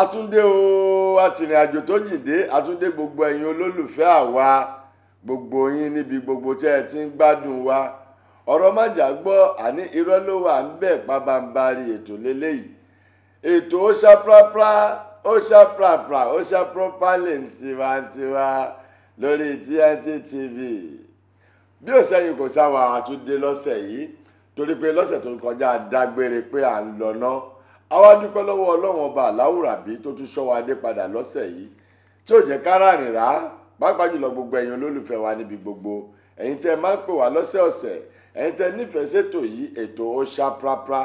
àtúndé o àtìrìnàjò tó jìndé àtúndé gbogbo ẹ̀yin olólùfẹ́ àwa gbogbo yín níbi gbogbo tí ẹ ti ń gbádùn wa ọ̀rọ̀ májà gbọ́ àní irọ́ ló wà ń bẹ̀ pabambarì ètò lélẹ́yìí ètò ó ṣàprápra ó ṣàprápra ó ṣàprópálẹ̀ tiwantiwa lórí TNT TV bí ó sẹ́yìn kò sáwọn àtúndé lọ́sẹ̀ yìí torí pé lọ́sẹ̀ tó kọjá dágbére pé à ń lọ náà àwa dúpẹ́ lọ́wọ́ ọlọ́run ọba aláwùrábí tó tún ṣọ́ wa dé padà lọ́sẹ̀ yìí tí ò jẹ́ kára rìn rà pàápàá jùlọ gbogbo ẹ̀yin olólùfẹ́ wa níbi gbogbo ẹ̀yin tẹ́ máa ń pè wá lọ́sẹ̀ ọ̀sẹ̀ ẹ̀yin tẹ́ nífẹ̀ẹ́ ṣètò yìí ètò Oṣá Prapra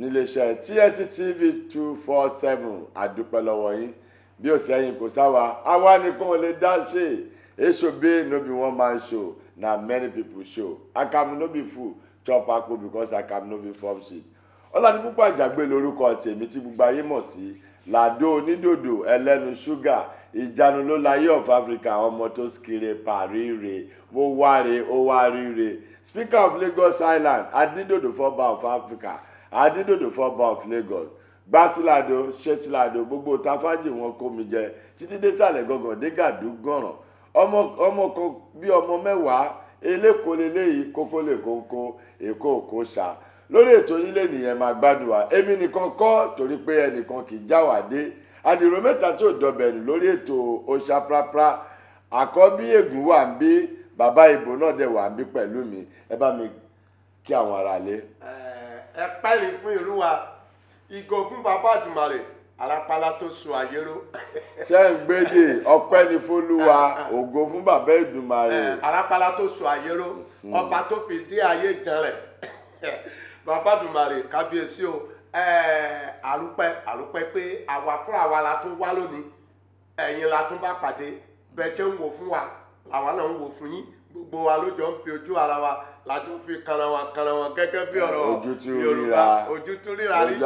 níléeṣẹ́ TNT TV two four seven àdúpẹ́ lọ́wọ́ yín bí ó sẹ́yìn kò sáwa àwa nìkan ò lè dá ṣe èṣòbí no be one man show na many people show akamu no be full chop akpo because akamu no be form sheet Ọládipúpọ̀ Àjàgbé lórúkọ tèmi tí gbogbo ayé mọ̀ sí làdó onídòdò ẹlẹ́nu ṣúgà ìjánu ló láyé of Africa ọmọ tó skire parí re mo wáre ó wá ríre Speaker of Lagos Island adídòdò fọba of Africa adídòdò fọba of Lagos gbátìládò ṣètìládò gbogbo tafájì wọn kó mi jẹ títí désàlẹ̀ gọgàn dégàdú gànràn ọmọ kan bí ọmọ mẹ́wàá eléko leléyìí kókó lè kóńkó èkó òkó ṣáà lórí ètò yín lé nìyẹn máa gbádùn wa èmi nìkan kọ́ torí pé ẹnìkan kì í já wà dé àdìrò mẹ́ta tí ò dọbẹ̀ nù lórí ètò ọ̀ṣà prapra àkọ́bí ègún wà ń bí bàbá ìbò náà dẹ̀ wà ń bí pẹ̀lú mi ẹ bá mi kí àwọn ará lé. ẹ pẹ́yìn fún ìlú wa ìgò fún bàbá àdùmàrè alápálá tó sun àyérò. ṣé ń gbédè ọpẹ́ ní fólúwa ògo fún bàbá ìdùmàrè. alápálá tó sun àyérò hmm. ọba tó fi dé ayé jẹrẹ bàbá dùmarè kábíyèsí o àrùpẹ́ àrùpẹ́ pé àwa fúnra wa la tún wá lónìí ẹ̀yin la tún bá pàdé bẹ́ẹ̀ ṣe ń wò fún wa làwa náà ń wò fún yín gbogbo wa ló jọ ń fi ojú ara wa lájọ fi kanra wa kanra wa gẹ́gẹ́ bí ọ̀rọ̀ Yorùbá ojú tó ríra rí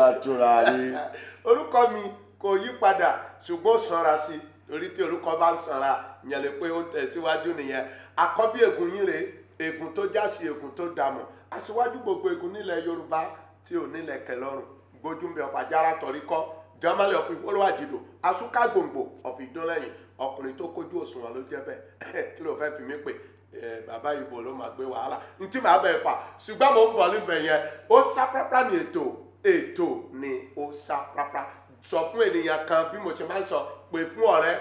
orúkọ mi kò yí padà ṣùgbọ́n sanra sí torí tí orúkọ bá ń sanra yẹn lè pé ó ń tẹ̀síwájú nìyẹn àkọ́bí ègún yín rèé ègún tó já ègún tó dàmọ̀ aṣíwájú gbogbo ègún nílẹ̀ yorùbá tí ò nílẹ̀ kẹlọ́rùn gbójúmbi ọ̀fà jára tọ̀rí kọ́ jọmọlẹ ọ̀fìn wọ́lọ́wà jìdò asúkà gbòǹgbò ọ̀fìn dúnlẹ́yìn ọkùnrin tó kójú òṣùwọ̀n ló jẹ́ bẹ́ẹ̀ kí ló fẹ́ fi mí pè bàbá ìbò ló máa gbé wàhálà ntí màá bẹ̀ fà ṣùgbọ́n mò ń bọ̀ níbẹ̀ yẹn ó sápápá ní ètò ètò ni ó sápápá sọ fún ènìyàn kan bí mo ṣe máa ń sọ pè fún ọ̀rẹ́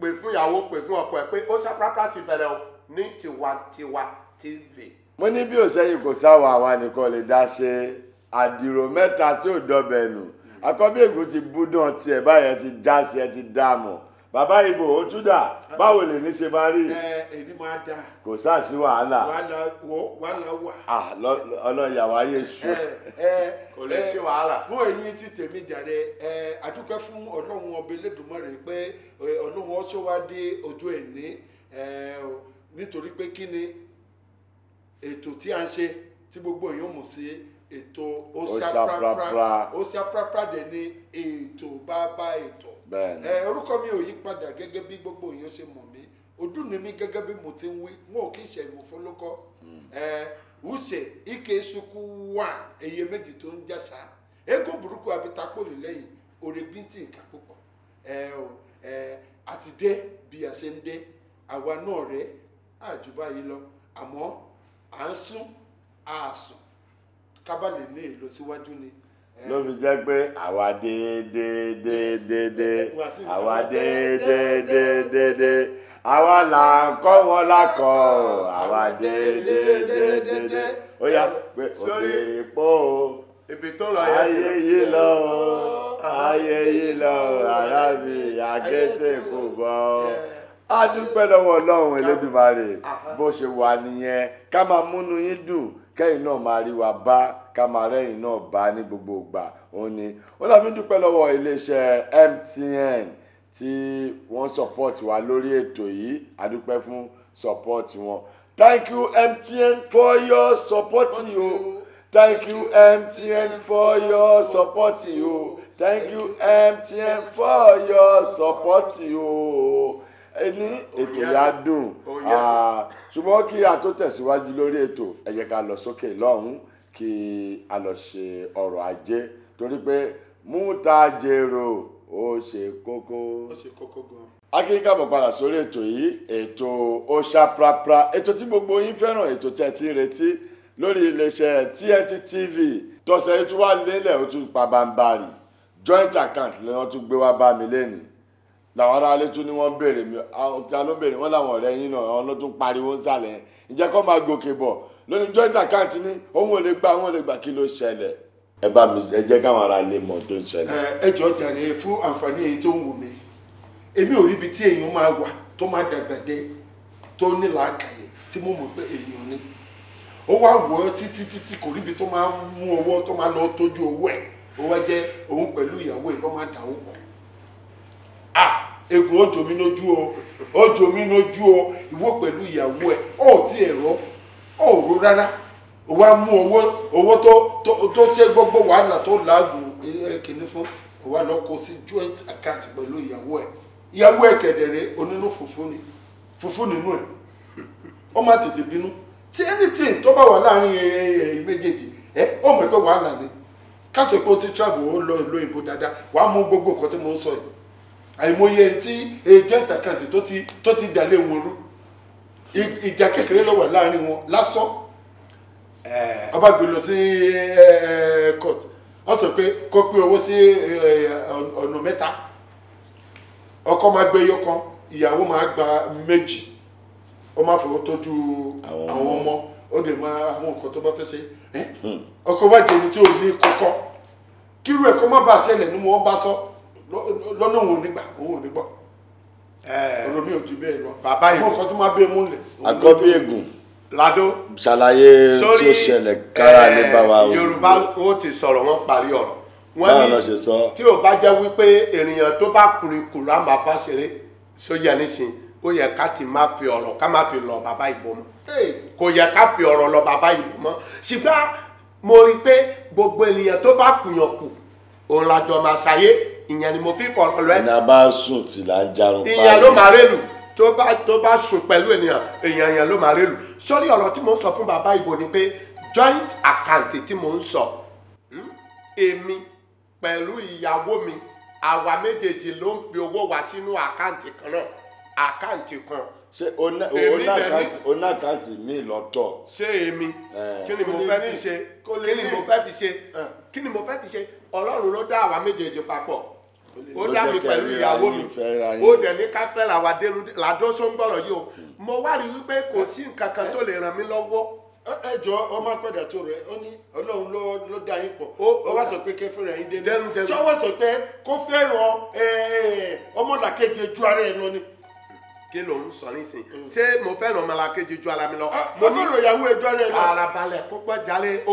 pè fún ìyàwó pè fún ọkọ ẹ̀ pé ó sápápá ti bẹ̀rẹ̀ ní tiwantiwa tv mo ní bí òsẹ́yìn kò sáwọ àwa nìkan lè dá ṣe àdìrò mẹ́ta tí ò dọbẹ̀ nù àkọ́bí ègún ti búdàn tiẹ̀ báyẹn ti dá sí ẹ ti dá mọ̀ bàbá ibo ó tún dà báwo lè ní ṣe máa rí. ẹ èmi máa dà. kò sáà sí wàhálà. wàhálà wọ wàhálà wà. ah ọlọ́yàwó ayé ṣu. kò lè ṣe wàhálà. mú èyí ti tèmi jàre àdúgbò fún ọlọ́run ọbẹ̀ lẹ́dùnmọ́ rẹ̀ pé ọlọ́run ọṣọ́ wa dé ojú ẹ̀ ní nítorí pé kí ni ètò tí a ń ṣe tí gbogbo èèyàn mọ̀ sí ètò Oṣiaprápra Oṣiaprápra dẹ̀ ni ètò bàbá ètò ẹ orúkọ mi ò yí padà gẹ́gẹ́ bí gbogbo èèyàn ṣe mọ̀ mí ọdún ni mí gẹ́gẹ́ bí mo ti ń wí wọn ò kí ń ṣe ìmọ̀fọ́lọ́kọ́ hmm. wùsẹ̀ ike sukú wà èyí méjì tó ń jàṣà ego burúkú abitakoli lẹ́yìn orí bíntì nǹkan púpọ̀ ẹ o bí a ṣe ń dé àwa rẹ àjùbá yìí lọ àmọ́ à ń sún àásùn kábàlì lè lọ síwájú ni. ló fi jẹ́ pé àwa déédéédéédé àwa déédéédéédé àwa là ń kọ́ wọn lákọ̀ àwa déédéédéédé ó yá pé òbèrè pọ̀ o ayé yìí lọ o ayé yìí lọ o arábì kò bọ̀ o a dúpẹ́ lọ́wọ́ ọlọ́run Elédùmarè bó ṣe wà nìyẹn ká máa múnú yín dùn kẹ́yìn náà máa rí wa bá ká máa rẹ́yìn náà bá ní gbogbo ìgbà òun ni ó dàbí dúpẹ́ lọ́wọ́ iléeṣẹ́ MTN tí wọ́n support wa lórí ètò yìí a dúpẹ́ fún support wọn thank you MTN for your support o thank you MTN for your support o thank you MTN for your support you ní ètò yá dùn ṣùgbọ́n kí a tó tẹ̀síwájú lórí ètò ẹ jẹ́ ká lọ sókè lọ́hùn kí a lọ ṣe ọrọ̀ ajé torí pé múta jèrò ó ṣe kókó. ó ṣe kókó gan. akínkàbọ̀ padà sórí ètò yìí ètò Oṣaprapra ètò tí gbogbo yín fẹ́ràn ètò tẹ̀ tí ń retí lórí iléeṣẹ́ TNT TV tọ̀sẹ̀ yìí tún wá ó tún pa bámbárì joint account lẹ́yìn wọ́n tún gbé wá bá mi lẹ́nìí làwọn ará ilé tún ni wọ́n béèrè mi ta ló béèrè wọ́n làwọn ọ̀rẹ́ yín náà tún pariwo sàlẹ̀ ǹjẹ́ kó máa gòkè bọ̀ lónìí joint account ni òun ò lè gbà òun ò lè gbà kí ló ṣẹlẹ̀ ẹ bá mi ẹ jẹ́ káwọn ará ilé mọ̀ tó ń ṣẹlẹ̀. ẹ jọ jàre fún àǹfààní èyí tó ń wù mí èmi ò tí èèyàn máa wà tó máa dàgbà dé tó ní làákàyè tí mo mọ̀ pé èèyàn ni ó wá wá egbò ó jòmí lójú o ó jòmí lójú o ìwọ pẹ̀lú ìyàwó ẹ̀ ọ̀ tí ẹ̀ o ọ̀ rọ rárá o wá mú owó owó tó tó ṣe gbogbo wàhálà tó làágùn eh, kìíní fún o wá lọ kó sí joint account pẹ̀lú ìyàwó ẹ̀ ìyàwó ẹ̀ kẹ̀dẹ̀rẹ̀ onínú fùfú ni fùfú nínú ẹ̀ o má tètè bínú tí anything tó bá wà láàrin eh, eh, ẹ̀yìn méjèèjì ẹ̀ o mọ̀ pé wàhálà ni ká sọ pé o ti travel ó lọ ìlú òyìnbó dáadáa wàá mú gbogbo nǹkan tí mo ń sọ yìí àìmọye tí agent àkàǹtì tó ti dàlé wọn rú ìjà kékeré ló wà láàrin wọn lásán eh. ọba gbé lọ sí eh, eh, court wọ́n sọ pé kó pín owó sí ọ̀nà mẹ́ta ọkọ máa gbé yọ kan ìyàwó máa gba méjì ó máa fọwọ́ tọ́jú àwọn ọmọ ó dẹ̀ máa àwọn nǹkan tó bá fẹ́ ṣe hmm. ọkọ wá ẹni tí ò ní kọ́kọ́ kírú ẹ̀ kó má bàa ṣẹlẹ̀ ni wọ́n bá sọ. So lọ́nà òun ò ní gbà òun ò ní gbọ́ eh. ọ̀rọ̀ mi ò ju bẹ́ẹ̀ lọ bàbá yìí kọ́ tó máa bẹ́ẹ̀ mú lẹ̀. àkọ́bí ègùn lado ṣàlàyé tí ó ṣẹlẹ̀ kára lè bá wa wò. yorùbá ó ti sọ̀rọ̀ wọn parí ọ̀rọ̀ wọn ní tí ò bá jẹ́ wípé ènìyàn tó bá kùnrin kùnrin á máa bá ṣeré sójà nísìnyí ó yẹ ká ti má fi ọ̀rọ̀ ká má fi lọ bàbá ìbò mọ́ kò yẹ ká fi ọ̀rọ̀ lọ bàbá ìbò mọ́ ṣùgbọ́n mo rí i pé gbogbo ènìyàn tó bá kùyàn kù òun làjọ máa ṣayé ìyẹn ni mo fi fọ̀rọ̀ rẹ. ìyẹn bá sùn tí là ń jarun pa. ìyẹn ló máa rélù tó bá tó bá sùn pẹ̀lú ènìyàn èèyàn yẹn ló máa rélù sórí ọ̀rọ̀ tí mo ń sọ fún bàbá ìbò ni pé joint account tí mo ń sọ hmm, èmi pẹ̀lú ìyàwó mi àwa méjèèjì ló ń fi owó wa sínú àkáǹtì kan náà àkáǹtì kan. ṣé oná àkáǹtì mi lọ́tọ̀. ṣé èmi kí ni mo fẹ́ fi ṣe kí ni mo mo fẹ́ fi ṣe ọlọ́run ló dá àwa méjèèjì papọ̀. ó dàbí pẹ̀lú ìyàwó mi ó dẹ̀ ní ká fẹ́ làwa dé ládó sóńgbọ̀rọ̀ yìí o mo wá rí wípé kò sí nǹkan kan tó lè ràn mí lọ́wọ́. ẹ jọ ọmọ apẹ̀dà tó rẹ ó ní ọlọ́run ló dá yín pọ̀ ó wá sọ pé kẹfẹ́ rẹ̀ yín sọ pé kó fẹ́ràn ọmọlàkejì ju ara ẹ̀ lọ ni. kí ló ń sọ nísìn mm. ṣé mo fẹ́ràn ọmọlàkejì ju ara mi lọ. Ah, mo fẹ́ràn ìyàwó ẹjọ́ rẹ lọ. ara balẹ̀ kó jalè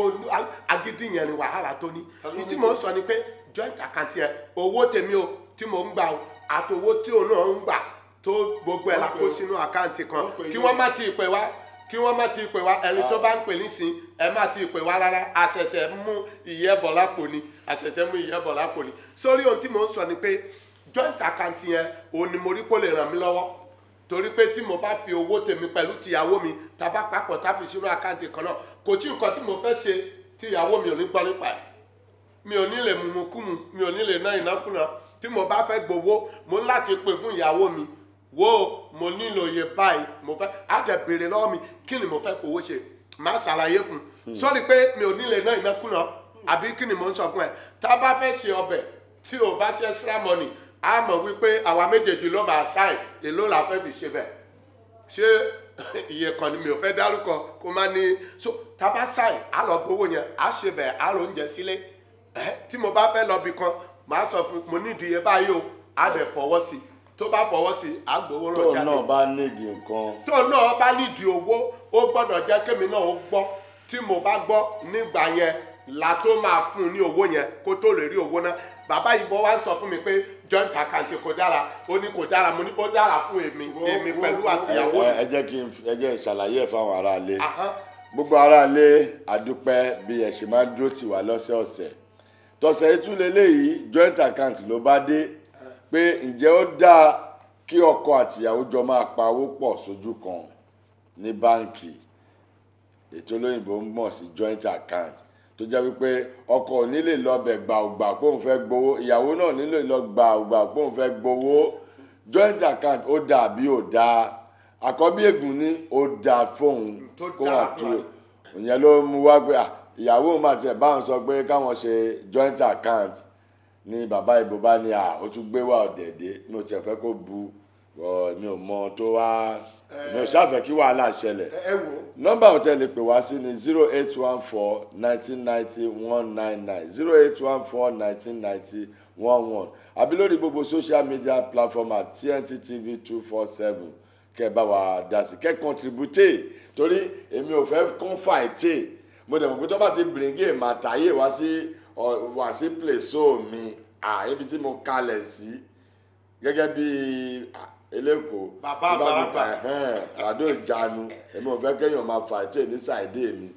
agídí yẹn ni wàhálà tó ní. tí mo ń sọ ni pé joint account yẹn owó tèmi o tí mo ń gbà o àtowó tí òun náà ń gbà tó gbogbo ẹ̀ la kó sínú àkáǹtì kan kí wọ́n má ti pè wá kí wọ́n má ti pè wá ẹni tó ah. bá ń pè nísìn ẹ má ti pè wá rárá àṣẹ̀ṣẹ̀ mú ìyẹ́bọ̀ lápò ni àṣẹ̀ṣẹ̀ mú ìyẹ́bọ̀ lápò ni sórí ohun tí mo ń sọ ni pé joint account yẹn òun ni mo rí kó lè ràn mí lọ́wọ́ torí pé tí mo bá fi owó tèmi pẹ̀lú tìyàwó mi tá papọ̀ tá sínú àkáǹtì kan náà kò tí nǹkan tí mo fẹ́ ṣe tìyàwó mi ò ní gbọ́ nípa ẹ̀ mi ò ní lè mi ò ní lè ná tí mo bá fẹ́ gbowó mo ń láti pè fún ìyàwó mi wo mo nílò iye báyìí mo fẹ́ á dẹ̀ béèrè lọ́wọ́ mi kí ni mo fẹ́ fowó ṣe má ṣàlàyé fún un hmm. sọ́ni pé mi ò ní lè ná àbí kí ni mo ń sọ fún ẹ tá fẹ́ ṣe ọbẹ̀ tí o bá ṣe extra a mọ̀ wípé àwa méjèèjì ló máa ṣáì èló la fẹ́ fi ṣe bẹ̀ ṣé iye kan ni mi ò fẹ́ dárúkọ kó má ní so tábà ṣáì á lọ gbowó yẹn á ṣe bẹ̀ á lọ oúnjẹ sílé tí mo bá fẹ́ lọ bì kan màá sọ fún mo ní ìdíye báyìí o á dẹ̀ fọwọ́ sí i tó bá fọwọ́ sí agbowó rọ̀ jáde. tó náà bá nídìí nǹkan. tó náà bá nídìí owó ó gbọ́dọ̀ jẹ́ kémi náà ó gbọ́ tí mo bá gbọ́ nígbà yẹn la tó máa fún un ní owó yẹn kó tó lè rí owó náà bàbá yìí bọ́ wá ń sọ fún mi pé joint account kò dára ó ní kò dára mo ní ó dára fún èmi èmi pẹ̀lú àtìyàwó. ẹ jẹ́ kí ẹ jẹ́ ìṣàlàyé ẹ̀ fáwọn aráalé gbogbo aráalé àdúpẹ́ bí ẹ ṣe máa ń dúró tì wá lọ́sẹ̀ọ̀sẹ̀ tọ̀sẹ̀ ìtúlélẹ́ yìí joint account ló bá dé pé ǹjẹ́ ó dáa kí ọkọ àtìyàwó jọ máa pa owó pọ̀ sójú kan ní báǹkì ètò olóyìnbó ń mọ̀ sí joint account tó jẹ́ wípé ọkọ nílè lọ bẹ̀ gbàùgbà pé òun fẹ́ gbowó ìyàwó náà nílè lọ gbàùgbà pé òun fẹ́ gbowó joint account ó dà bí ó dà àkọ́bí ègùn ní ó dà fóun kó wà tó ìyẹn ló mú wá pé ìyàwó òun àti ẹ̀ sọ pé káwọn ṣe joint account ní bàbá ìbò bá ní à ó tún gbé wà ọ̀dẹ̀dẹ̀ ní o tiẹ̀ fẹ́ kó bu bọ mi ò mọ tó wá eh. mi ò ṣàfẹ́ kí wàhálà ṣẹlẹ̀ eh, nọ́mbà òtẹ́ lè pè wá sí ni zero eight one four nineteen ninety one nine nine zero eight one four nineteen ninety one one àbí lórí gbogbo social media platform at TNT TV two four seven kẹ́ bá wa dá sí kẹ́ contribute torí èmi ò fẹ́ kún fàìtì mo dẹ̀ mọ̀ pé tó bá ti bìrìngì màtáyé wá sí wá sí plẹ̀ mi à ibi tí mo kalẹ̀ sí gẹ́gẹ́ bíi eleko bàbá àgbàlagbà làdó ìjánu èmi ò fẹ́ kéèyàn máa fà tí èmi ṣàìdé mi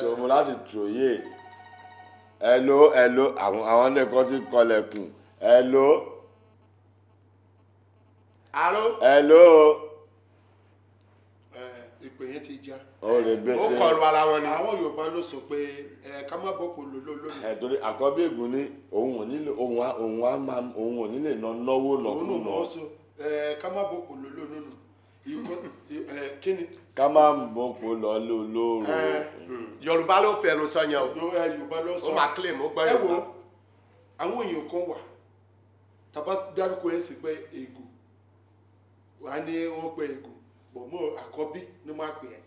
so mo láti tòye ẹ̀lò ẹ̀lò àwọn àwọn nìkan ti kọlẹ̀kùn ẹ̀lò ẹ̀lò ìpè yẹn ti já ó kọlu ara wọn ni. àwọn yorùbá ló sọ pé ẹ ká má bọ́pọ̀ lòlò lónìí. ẹ torí àkọ́bí ni òun ò Eh, kama má bòkò nínú Kama Yoruba l'o ló fẹnu sọyàn o O eh, ló claim ó gbọ́ yorùbá. ẹ àwọn èèyàn kan wà tàbá dárúkọ sì pé ègò wà ní pé ègò ni wọn pè ẹ́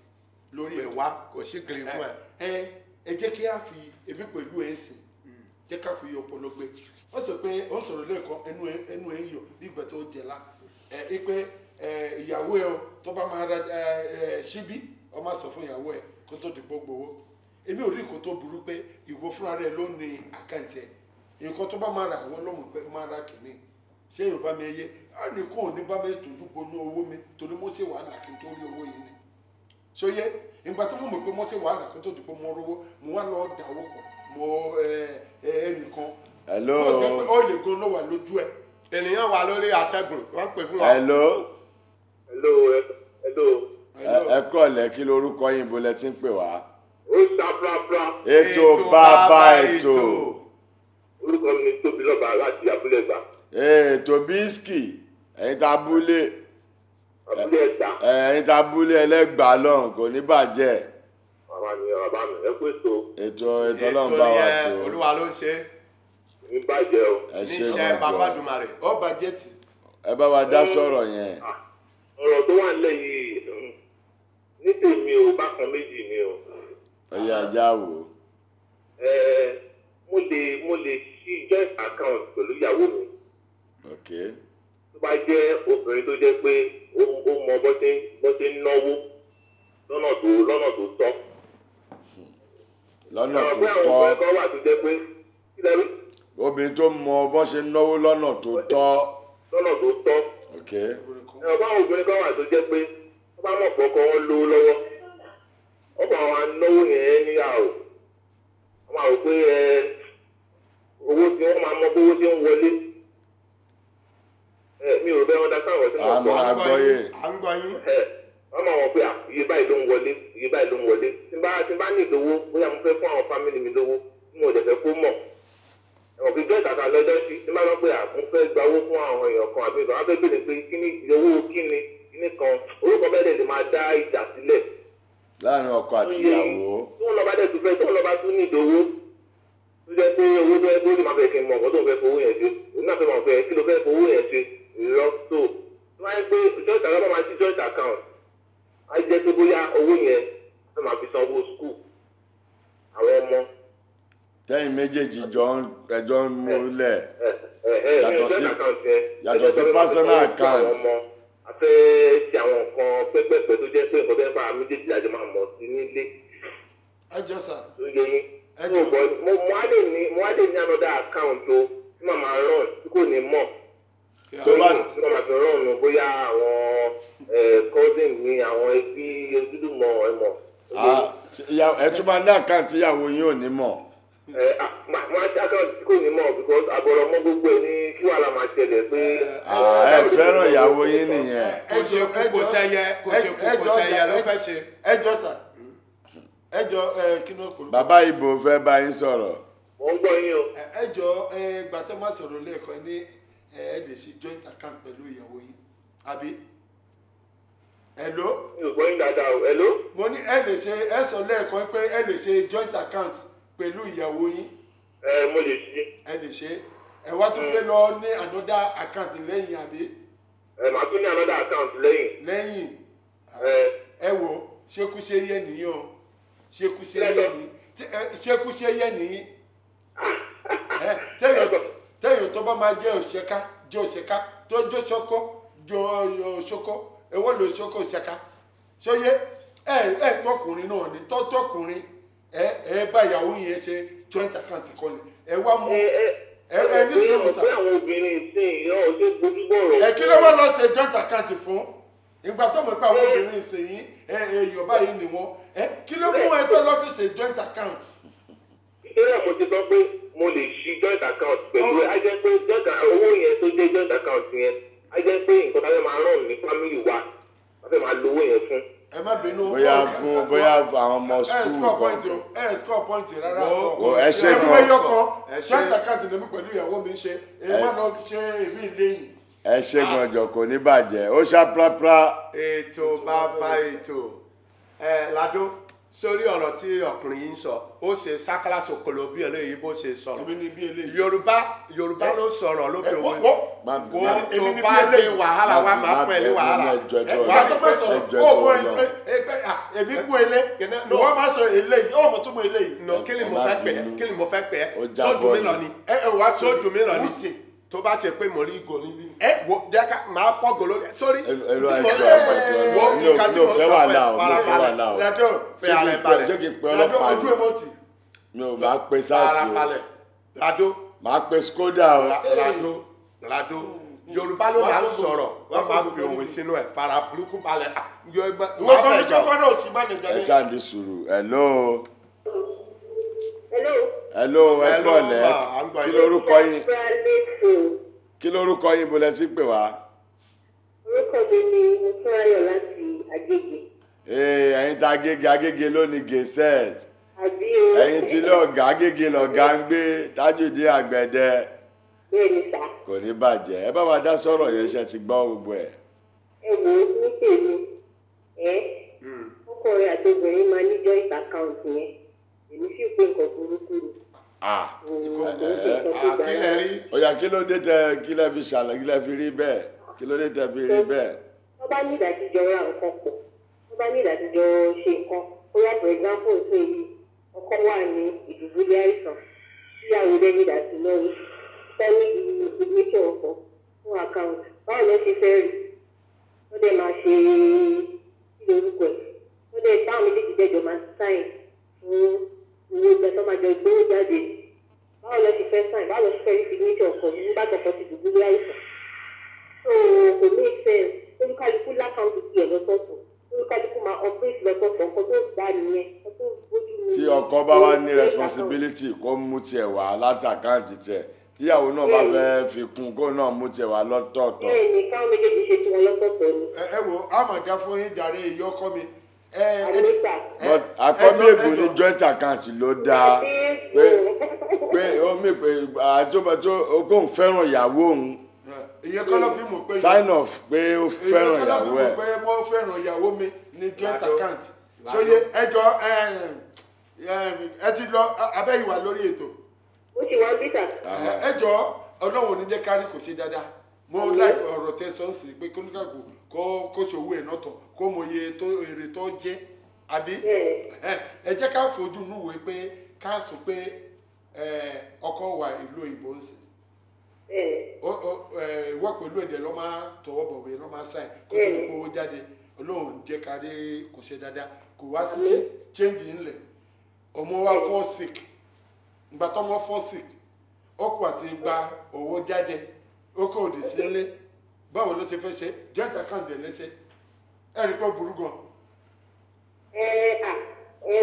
lórí ẹ̀ wá kò sí gírí fún ẹ. Eh, ẹ jẹ́ kí a fi èmi pẹ̀lú sìn hmm. jẹ́ ká fi ọpọlọ gbé wọ́n sọ pé wọ́n sọ̀rọ̀ lẹ́ẹ̀kan ẹnu ipe ìyàwó ẹ tó bá máa ra ṣíbí ọmọ sọ fún ìyàwó ẹ kó tó dìbò gbowó èmi ò rí tó burú pé ìwọ fúnra rẹ ló ní àkáǹtì ẹ nǹkan tó bá máa ra àwọn ọlọ́run pé máa ra yé á ní kó bá mi tòjú owó mi torí mo ṣe wàhálà kí n tó rí owó yìí ni ṣó yé ìgbà tí mo mọ̀ pé mo ṣe wàhálà wà lójú ènìyàn wà lórí àtẹ̀gùn wọ́n pè fún wa. hello. hello hello. ẹ kọ́ ilẹ̀ kí lorúkọ yín bó lẹ ti ń pè wá. ó ta pàápàá. ètò bàbá ètò. orúkọ mi ni tóbi lọ́ba láti abúlé ẹ̀sà. ètò bísíkì ẹ̀yin tá abúlé. abúlé ẹ̀sà. ẹ̀yin tá abúlé ẹlẹ́gbàá lọ́hùn kò ní bàjẹ́. bàbá mi bàbá mi ẹ kú ètò. ètò ètò ọlọ́run bá wa tó. ètò yẹn olúwa ló ń ṣe é ní bàjẹ́ o. ẹ ṣe gbogbo níṣẹ́ bàbá dùmarè. ọ bàjẹ́ tì. ẹ bá wa dá sọ̀rọ̀ yẹn. ọ̀rọ̀ tó wà nílẹ̀ yìí ní tèmi o bákan méjì ni o. ẹyẹ ajá wo. ẹ mo lè mo lè ṣí joint account pẹ̀lú ìyàwó mi. ok. tó bá jẹ́ obìnrin tó jẹ́ pé ó mọ bó ṣe bó ṣe ń náwó lọ́nà tó lọ́nà tó tọ́. lọ́nà tó tọ́. àwọn ọ̀gbẹ́ wà tó jẹ́ pé kí lẹ́rú. obìnrin tó mọ bọ́n ṣe náwó lọ́nà tó tọ́. lọ́nà tó tọ́. ok. ẹ bá obìnrin kan wà tó jẹ́ pé wọ́n bá mọ̀ ọkọ wọn lówó lọ́wọ́ ọkọ àwọn anáwó yẹn ní àrò wọ́n máa rò pé owó tí wọ́n máa mọ owó tí ń wọlé mi ò bẹ́ wọn dá sáwọn gbọ́. wọ́n máa wọ̀ pé iye báyìí ló ń iye báyìí ló ń wọlé tí bá ní ìdówó bóyá mo fẹ́ fún ẹjọ́ ìtàkà lọ́jọ́ sí ní bá lọ pé àkún fẹ́ gba owó fún àwọn èèyàn kan àbí ìgbà wọn fẹ́ bèrè pé kíní owó kíni kíní kan orúkọ bẹ́ẹ̀ lè máa dá ìjà sílẹ̀. láàrin ọkọ àti ìyàwó. tí wọn lọ bá dẹ̀ tún fẹ́ tí wọn lọ bá tún ní ìdòwó tó jẹ́ pé owó tó yẹ kó lè máa fẹ́ kí n mọ̀ ọ̀gọ́ tó ń fẹ́ fowó yẹn ṣe òun náà fẹ́ máa fẹ́ kí ló fẹ́ fowó yẹn ṣe lọ́tò wọ́n á gbé joint account máa ti joint account á jẹ́ pé bóyá owó yẹn ló máa fi sanwó school àwọn ọmọ tẹ́yìn méjèèjì jọ ń ẹjọ́ ń múlẹ̀ yàtọ̀ sí yàtọ̀ sí personal account. afẹ́ ti àwọn nǹkan pẹ́pẹ́pẹ́ tó jẹ́ pé nǹkan bẹ́ẹ̀ máa méjèèjì láti máa mọ̀ sí nílé. ẹ jọ sà. tó yẹ yín. ẹ jọ mo mo á ní mo á ní another account o tí màmá rán tí kò ní mọ̀. tó bá tí màmá fi rán ọ̀nà bóyá àwọn cousin mi àwọn ẹbí ojúlùmọ̀ ẹ̀mọ̀. ẹ tún ní àkáǹtì ìyàwó yín ò ní mọ̀ ẹ máa ṣáká kò ní mọ because àbọ̀rọ̀ mọ gbogbo ẹ ní kí wàhálà máa ṣẹlẹ̀ pé. ẹ fẹ́ràn ìyàwó yín nìyẹn. kò ṣe kú kò sẹ́yẹ kò ṣe kú kò sẹ́yẹ ló fẹ́ ṣe. ẹ jọ sà ẹ jọ kí ló kò. bàbá ibo fẹ́ bá yín sọ̀rọ̀. mo ń gbọ́ yín o. ẹ jọ gbàtẹ́ má sọ̀rọ̀ lẹ́ẹ̀kan ní ẹ lè ṣe joint account pẹ̀lú ìyàwó yín àbí hello. mi ò gbọ́ yín dáadáa o hello. mo ní ẹ lè ṣe ẹ sọ lẹ́ẹ̀kan pé ẹ lè ṣe joint account pẹ̀lú ìyàwó yín. ẹ mo lè ṣe. ẹ lè ṣe ẹ wá tún fẹ́ lọ ní anoda account lẹ́yìn àbí. ẹ màá tún ní anoda account lẹ́yìn. lẹ́yìn ẹ wò ṣekúṣe yẹ nìyẹn o ṣekúṣe yẹ nìyẹn ṣekúṣe yẹ nìyẹn tẹ́yìn tó bá máa jẹ́ òṣèká jẹ́ òṣèká tó jó ṣoko jó ṣoko ewọ́ ló ṣoko òṣèká ṣóyé ẹ̀ ẹ̀ tọkùnrin náà ni tọ́tọkùnrin ẹ ẹ bá ìyàwó yẹn ṣe joint account kọlẹ̀ ẹ wá mú ẹ ẹ ní sẹ́wọ̀n sá. àwọn obìnrin ìsìn ìyá ọ̀sẹ̀ gbojúbọ̀rọ̀. ẹ kí ló wá lọ ṣe joint account fún ìgbà tó mọ̀ pé àwọn obìnrin ìsìn yìí ẹ ẹ yorùbá yìí ni wọn ẹ kí ló mú ẹ tó lọ fi ṣe joint account. ìṣẹ̀lẹ̀ mo ti sọ pé mo lè ṣí joint account pẹ̀lú ẹ á jẹ́ pé owó yẹn tó jẹ́ joint account yẹn á jẹ́ pé nǹkan tá a fẹ́ máa rán ní family wa a fẹ́ máa lo owó yẹn fún ẹ má bínú. bóyá fún bóyá àwọn ọmọ skul kọ. ẹ score point rárá kọ. o ẹ ṣe gan. ẹ yọkọ joint account lèmi pẹ̀lú ìyàwó mi ṣe èyí má lọ ṣe èmi lẹ́yìn. ẹ ṣe gan jọkọ níbàjẹ́ ó ṣá prapra. ètò bàbá ètò ẹ ládó sórí ọ̀rọ̀ tí ọkùnrin yìí ń sọ ó ṣe sákàlàsọ kòló bí eléyìí bó ṣe sọ̀rọ̀ yorùbá yorùbá ló sọ̀rọ̀ ló fi wọ́n kó bá dé wàhálà wa máa pẹ̀lú wàhálà wà á tó sọ̀rọ̀ kó o mọ ẹgbẹ́ èmi kú ele wọ́n máa sọ eléyìí ó mọ̀ tó mọ eléyìí. kí ni mo fẹ́ pẹ́ kí ni mo fẹ́ pẹ́ sódùmí lọ ni sódùmí lọ ni tó bá tiẹ̀ pé mọ̀rí ìgò níbí ẹ wo jẹ́ká máa fọ́gò lórí sórí tí mo sọ pé wo nǹkan tí mo sọ pé farabalẹ̀ lẹ́dọ̀ fẹ́ alẹ́ balẹ̀ lẹ́dọ̀ ojú ẹ̀ mọ́tì. mi ò máa pe sars o lado máa pe skoda o lado lado yorùbá ló máa ń sọ̀rọ̀ wọ́n máa fi òwe sínú ẹ̀ fara burúkú balẹ̀. wọ́n kọ́ ní tó fọ́nà òsínbàlẹ̀ jáde. ẹ ṣáà ní sùúrù ẹ̀ lọ́ọ́ hello ẹ kúrọ̀lẹ́ kí lorúkọ yín kí lorúkọ yín bó lẹ ti pè wá. orúkọ mi ni mufúráyọ láti agége. ee ẹ̀yin tá agége agége lónìí gẹ̀ẹ́sẹ̀t ẹ̀yin tí lọ́ọ̀gá agége lọ́ọ̀gá ń gbé tájùdé àgbẹ̀dẹ kò ní bàjẹ́ ẹ bá wa dá sọ̀rọ̀ yẹn ṣe ti gbọ́ gbogbo ẹ̀. ẹ wo ní tèmi ẹ hmm. ọkọ rẹ àti obìnrin máa níjọ ìbákan òsì yẹn èmi sì pé nǹkan burúkú ni. àkílẹ̀ rí. ọ̀yà kí ló dé tẹ kí lẹ fi ṣàlẹ̀ kí lẹ fi rí bẹ́ẹ̀ kí ló dé tẹ fi rí bẹ́ẹ̀. wọ́n bá ní ìdájíjọ ra nǹkan pọ̀ wọ́n bá ní ìdájíjọ ṣe nǹkan bóyá for example tó yìí ọkọ wà ní ìdùbúlẹ̀ àìsàn tíyàwó lẹ́yìn ìdásí náwó sẹ́ni ìgbésẹ̀ ọkọ̀ fún àkáǹtì báwo ló ṣe fẹ́ rí ó dẹ̀ máa ṣe ilé orúkọ ẹ̀ ó dẹ̀ táwọn méjèèjì jẹ́jọ́ máa sáìn fún owó ìgbà tó máa jọ ìgbówó jáde báwo lọ ṣe fẹ́ sign báwo ṣe fẹ́ rí signature ọkọ mi nígbà tó kọ́ ti dùn gbogbo àìsàn so kò make sense olúkálukú lákàntì tiẹ̀ lọ́sọ̀tọ̀ olúkálukú máa operate lọ́sọ̀tọ̀ nǹkan tó gbà nìyẹn tí ọkọ bá wá ní responsibility kó mú tiẹ̀ wá látàkáǹtì tiẹ̀ tíyàwó náà bá fẹ́ fi kún kó náà mú tiẹ̀ wá lọ́tọ̀ọ̀tọ̀. bẹ́ẹ̀ ni káwọn méjèèjì ṣe tiwọn lọ́sọ̀tọ̀ ni. ẹ wo àmọ̀gá fún yín jàre èyí mi Eh, eh, eh, But àkọ́bí ègbò ní joint account ló dáa pé pé omi pé àjọpọ̀tò ogún fẹ́ràn ìyàwó òun ìyẹn kọ́ ló fi mọ̀ pé sign off pé ó fẹ́ràn ìyàwó ẹ̀ ìyẹn kọ́ ló fi mọ̀ pé mo fẹ́ràn ìyàwó mi ní joint account sóye ẹjọ́ ẹ ti lọ abẹ́ ìwà lórí ètò. ó ti wá bíkà. ẹjọ́ ọlọ́run ò ní jẹ́ kárí kò ṣe dáadáa mo láì ọ̀rọ̀ tẹ sọ́ọ̀sì pé kóníkàkùn kó ṣòwò ẹ̀ náà tọ̀ kó mọ iye èrè tó jẹ́ àbí ẹ jẹ́ ká fojú núwèé pé ká sọ pé ọkọ wà ìlú òyìnbó ń sìn wọ́n pẹ̀lú èdè lọ́ máa tọwọ́ bọ̀wé lọ́ máa sáì kó tó ní kó jáde olóhùn jẹ́ kárí kò ṣe dáadáa kò wá sí change ńlẹ̀ ọmọ wa sick sick ọkọ̀ àti gba owó jáde ó báwo ló ṣe fẹ́ ṣe joint account lẹ́sẹ̀ ẹ̀ rí pé burú gan. ẹ à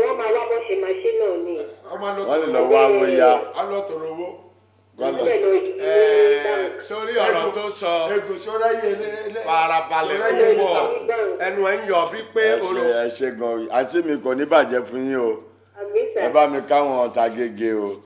wọ́n máa wá bó ṣe máa ṣe náà ni. wọ́n lè lọ wá bóyá. a lọ tọrọ owó. sórí ọ̀rọ̀ tó sọ farabalẹ̀ púpọ̀ ẹnu ẹ̀ ń yọ bí pé. ẹ ṣe gan àǹtí mi kò ní bàjẹ́ fún yín o ẹ bá mi káwọn ọ̀tá gègé o.